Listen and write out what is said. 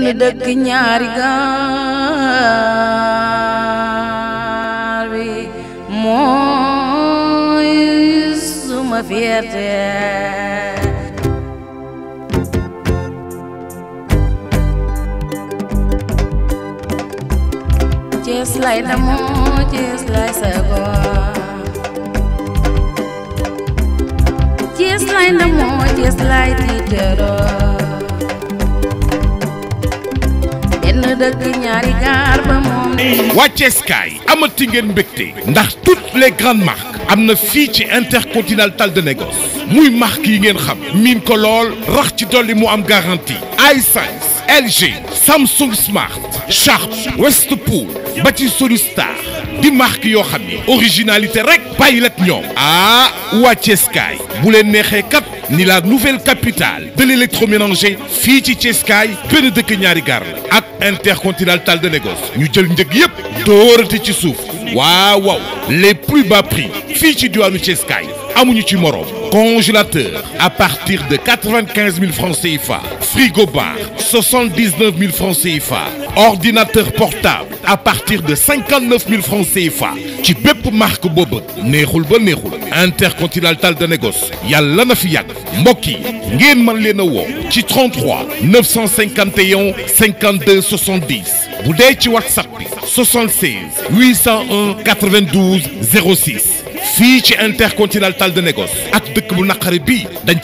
benn dëkk ñaari gaar just like the moon, just like the moon just like the moon, just like the ñaari gaar ba moom Sky amati toutes les grandes marques am na ci intercontinental de négoce muy marque y ngeen xam miin ko lool rax am garantie iSense LG Samsung Smart Sharp Westpool ba Star, Solistar di marque originalité rek bàyyi la ah wàcce Sky bu leen ni la nouvelle capitale de l'électroménager Fiji ci que de dëkk intercontinental de Négos nous jël nous dire dóorati ci les plus bas prix Fiji du diwaanu à amuñu morom congélateur à partir de 95 000 francs CFA frigo bar 79 000 francs CFA ordinateur portable à partir de 59 000 francs CFA Tu peux marque marquer neexul ba intercontinental de négoce Yalana na Moki, yàgg Leno, Tu 33 951 52 70 Boudet dee whatsapp 76 801 92 06 Fiche intercontinental de négoce Acte de bu naqari dans dañ